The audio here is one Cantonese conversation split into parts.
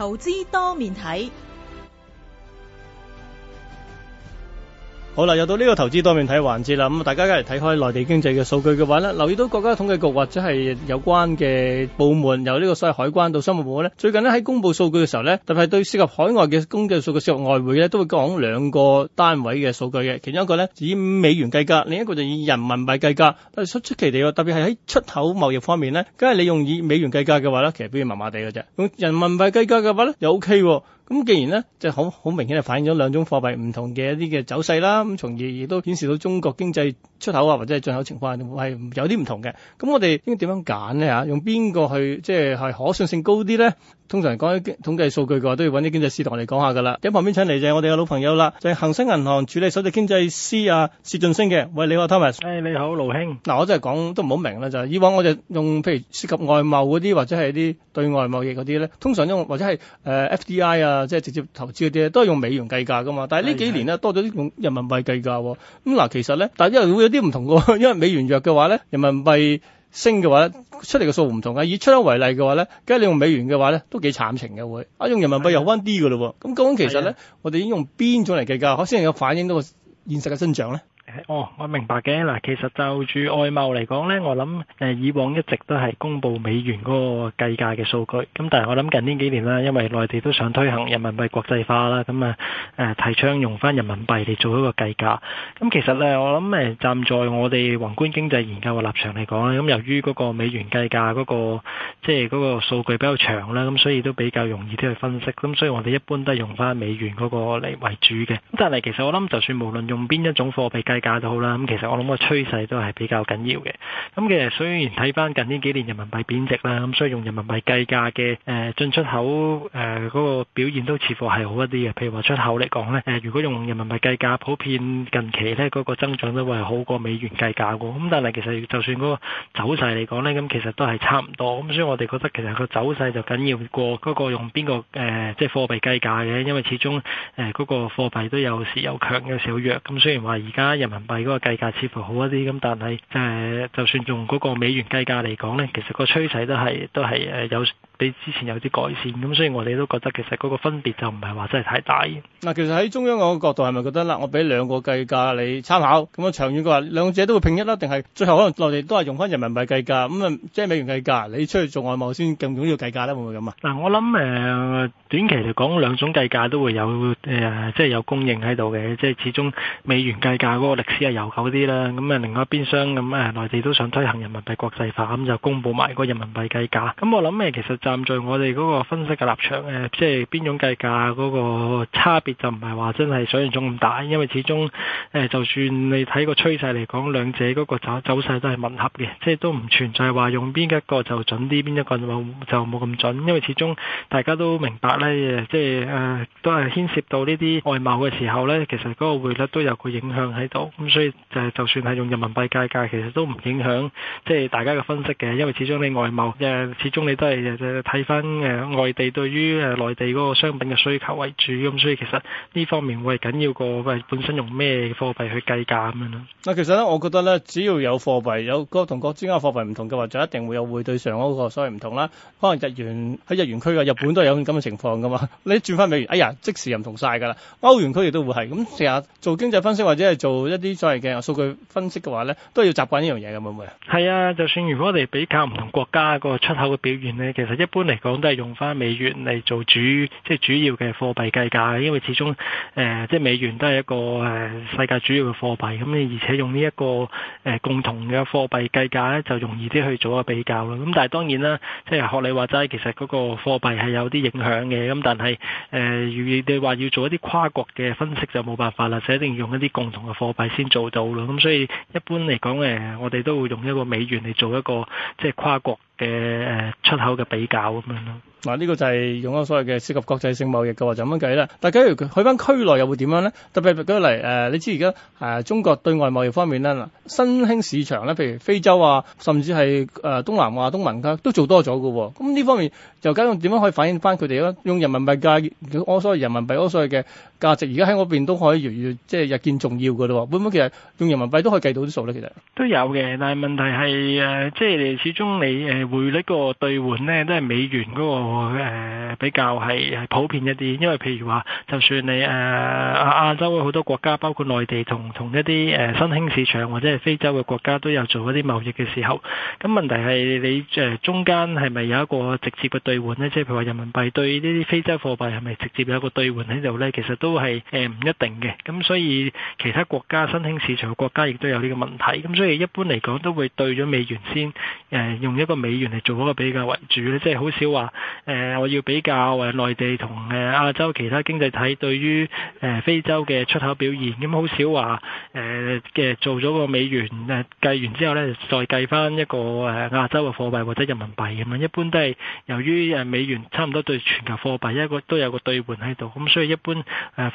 投資多面睇。好啦，又到呢個投資多面體環節啦，咁大家一嚟睇開內地經濟嘅數據嘅話咧，留意到國家統計局或者係有關嘅部門，由呢個所謂海關到商務部咧，最近咧喺公布數據嘅時候咧，特別係對涉及海外嘅經濟數據涉及外匯咧，都會講兩個單位嘅數據嘅，其中一個咧以美元計價，另一個就以人民幣計價，但係出出奇地喎，特別係喺出口貿易方面咧，梗係你用以美元計價嘅話咧，其實表現麻麻地嘅啫，用人民幣計價嘅話咧又 OK。咁既然咧，就好好明顯就反映咗兩種貨幣唔同嘅一啲嘅走勢啦。咁從而亦都顯示到中國經濟出口啊，或者係進口情況係、啊、有啲唔同嘅。咁我哋應該點樣揀呢吓，用邊個去即係係可信性高啲呢？通常講啲統計數據嘅話都要揾啲經濟師同我哋講下噶啦。喺旁邊請嚟就係我哋嘅老朋友啦，就係、是、恒生銀行助理首席經濟師啊，薛俊升嘅。喂，你好，Thomas。誒、哎，你好，盧兄。嗱、啊，我真係講都唔好明啦，就係以往我就用譬如涉及外貿嗰啲或者係啲對外貿易嗰啲咧，通常都或者係誒、呃、FDI 啊。即係直接投資嗰啲都係用美元計價噶嘛。但係呢幾年咧，是是多咗啲用人民幣計價。咁、嗯、嗱，其實咧，但係因為會有啲唔同噶，因為美元弱嘅話咧，人民幣升嘅話，出嚟嘅數唔同嘅。以出口為例嘅話咧，梗係你用美元嘅話咧，都幾慘情嘅會。啊，用人民幣又溫啲噶咯。咁是的 究竟其實咧，是的 我哋已經用邊種嚟計價，可先有反映到個現實嘅增長咧？哦，我明白嘅。嗱，其實就住外貿嚟講呢，我諗誒以往一直都係公布美元嗰個計價嘅數據，咁但係我諗近呢幾年啦，因為內地都想推行人民幣國際化啦，咁啊誒提倡用翻人民幣嚟做一個計價，咁其實呢，我諗誒站在我哋宏觀經濟研究嘅立場嚟講咧，咁由於嗰個美元計價嗰個即係嗰個數據比較長啦，咁所以都比較容易啲去分析，咁所以我哋一般都係用翻美元嗰個嚟為主嘅，咁但係其實我諗就算無論用邊一種貨幣計。價都好啦，咁其實我諗個趨勢都係比較緊要嘅。咁其實雖然睇翻近呢幾年人民幣貶值啦，咁所以用人民幣計價嘅誒進出口誒嗰個表現都似乎係好一啲嘅。譬如話出口嚟講呢，誒如果用人民幣計價，普遍近期呢嗰個增長都會係好過美元計價嘅。咁但係其實就算嗰個走勢嚟講呢，咁其實都係差唔多。咁所以我哋覺得其實個走勢就緊要過嗰個用邊個誒即係貨幣計價嘅，因為始終誒嗰個貨幣都有時有強有少弱。咁雖然話而家人人民幣嗰個計價似乎好一啲，咁但係即係就算用嗰個美元計價嚟講咧，其實個趨勢都係都係誒有。比之前有啲改善，咁所以我哋都覺得其實嗰個分別就唔係話真係太大。嗱，其實喺中央嗰個角度係咪覺得啦？我俾兩個計價你參考，咁啊長遠嘅話，兩者都會拼一啦，定係最後可能內地都係用翻人民幣計價，咁啊即係美元計價，你出去做外貿先更重要計價咧，會唔會咁啊？嗱，我諗誒短期嚟講，兩種計價都會有誒、呃，即係有供應喺度嘅，即係始終美元計價嗰個歷史係悠久啲啦。咁啊另外一邊商，咁、呃、誒，內地都想推行人民幣國際化，咁就公布埋個人民幣計價。咁我諗誒，其實就。站在我哋嗰個分析嘅立場，誒、呃，即係邊種計價嗰個差別就唔係話真係想像中咁大，因為始終誒、呃，就算你睇個趨勢嚟講，兩者嗰個走走勢都係吻合嘅，即係都唔存在話用邊一個就準啲，邊一個就冇咁準，因為始終大家都明白呢，即係誒、呃，都係牽涉到呢啲外貿嘅時候呢，其實嗰個匯率都有個影響喺度，咁、嗯、所以誒，就算係用人民幣計價，其實都唔影響即係大家嘅分析嘅，因為始終你外貿誒、呃，始終你都係睇翻誒外地對於誒內地嗰個商品嘅需求為主，咁所以其實呢方面會係緊要過，喂本身用咩貨幣去計價咁樣咯。嗱，其實咧，我覺得咧，只要有貨幣，有各同各之間嘅貨幣唔同嘅話，就一定會有匯對上嗰個所謂唔同啦。可能日元喺日元區嘅日本都有咁嘅情況噶嘛。你轉翻美元，哎呀，即時又唔同晒噶啦。歐元區亦都會係咁，成日做經濟分析或者係做一啲所謂嘅數據分析嘅話咧，都要習慣呢樣嘢嘅會唔會？係啊，就算如果我哋比較唔同國家個出口嘅表現咧，其實一一般嚟講都係用翻美元嚟做主，即係主要嘅貨幣計價嘅，因為始終誒、呃、即係美元都係一個誒、呃、世界主要嘅貨幣，咁、嗯、你而且用呢、這、一個誒、呃、共同嘅貨幣計價咧，就容易啲去做個比較咯。咁、嗯、但係當然啦，即係學你話齋，其實嗰個貨幣係有啲影響嘅。咁、嗯、但係誒，如、呃、你話要做一啲跨國嘅分析就冇辦法啦，就一定要用一啲共同嘅貨幣先做到咯。咁、嗯、所以一般嚟講，誒我哋都會用一個美元嚟做一個即係跨國。嘅誒，的出口嘅比較咁樣咯。嗱呢、啊這個就係用咗所謂嘅涉及國際性貿易嘅話就咁樣計啦。但假如佢去翻區內又會點樣咧？特別舉例誒，你知而家誒中國對外貿易方面咧，嗱新興市場咧，譬如非洲啊，甚至係誒、呃、東南亞、東盟都做多咗嘅、哦。咁、嗯、呢方面又加上點樣可以反映翻佢哋咧？用人民幣價，我所謂人民幣，我所謂嘅價值，而家喺我邊都可以越越、呃、即係日見重要嘅嘞、哦。會唔會其實用人民幣都可以計到啲數咧？其實都有嘅，但係問題係誒、呃，即係始終你誒、呃、匯率嗰個兌換咧都係美元嗰、那個。我、呃、比較係係普遍一啲，因為譬如話，就算你誒、呃、亞洲嘅好多國家，包括內地同同一啲誒、呃、新興市場或者係非洲嘅國家都有做一啲貿易嘅時候，咁問題係你誒、呃、中間係咪有一個直接嘅兌換呢？即係譬如話人民幣對呢啲非洲貨幣係咪直接有一個兌換喺度呢？其實都係誒唔一定嘅，咁所以其他國家新興市場嘅國家亦都有呢個問題，咁所以一般嚟講都會對咗美元先、呃、用一個美元嚟做一個比較為主，即係好少話。誒、呃，我要比較誒內地同誒、呃、亞洲其他經濟體對於誒、呃、非洲嘅出口表現，咁、嗯、好少話誒嘅做咗個美元誒計完之後咧，再計翻一個誒、呃、亞洲嘅貨幣或者人民幣咁樣，一般都係由於美元差唔多對全球貨幣一個都有個兌換喺度，咁、嗯、所以一般誒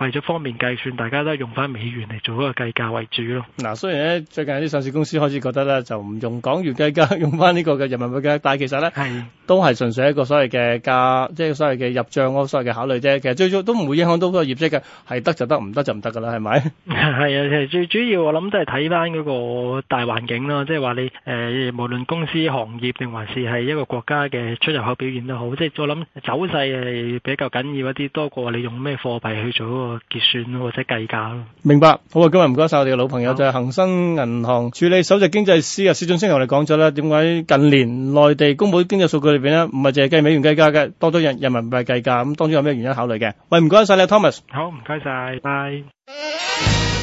為咗方便計算，大家都用翻美元嚟做嗰個計價為主咯。嗱、啊，雖然咧最近啲上市公司開始覺得咧就唔用港元計價，用翻呢個嘅人民幣計，但其實咧是都係純粹一個所謂嘅。價即係所謂嘅入帳嗰個所謂嘅考慮啫，其實最終都唔會影響到個業績嘅，係得就得，唔得就唔得噶啦，係咪？係啊，最主要我諗都係睇翻嗰個大環境啦，即係話你誒無論公司行業定還是係一個國家嘅出入口表現都好，即係我諗走勢係比較緊要一啲，多過你用咩貨幣去做嗰個結算或者計價咯。明白，好啊！今日唔該曬我哋嘅老朋友就係恒生銀行處理首席經濟師啊，薛俊升同我哋講咗啦，點解近年內地公佈經濟數據裏邊呢，唔係淨係計美元計價？多咗人人民幣計價，咁當中有咩原因考慮嘅？喂，唔該晒你，Thomas。好，唔該晒，拜拜。拜拜。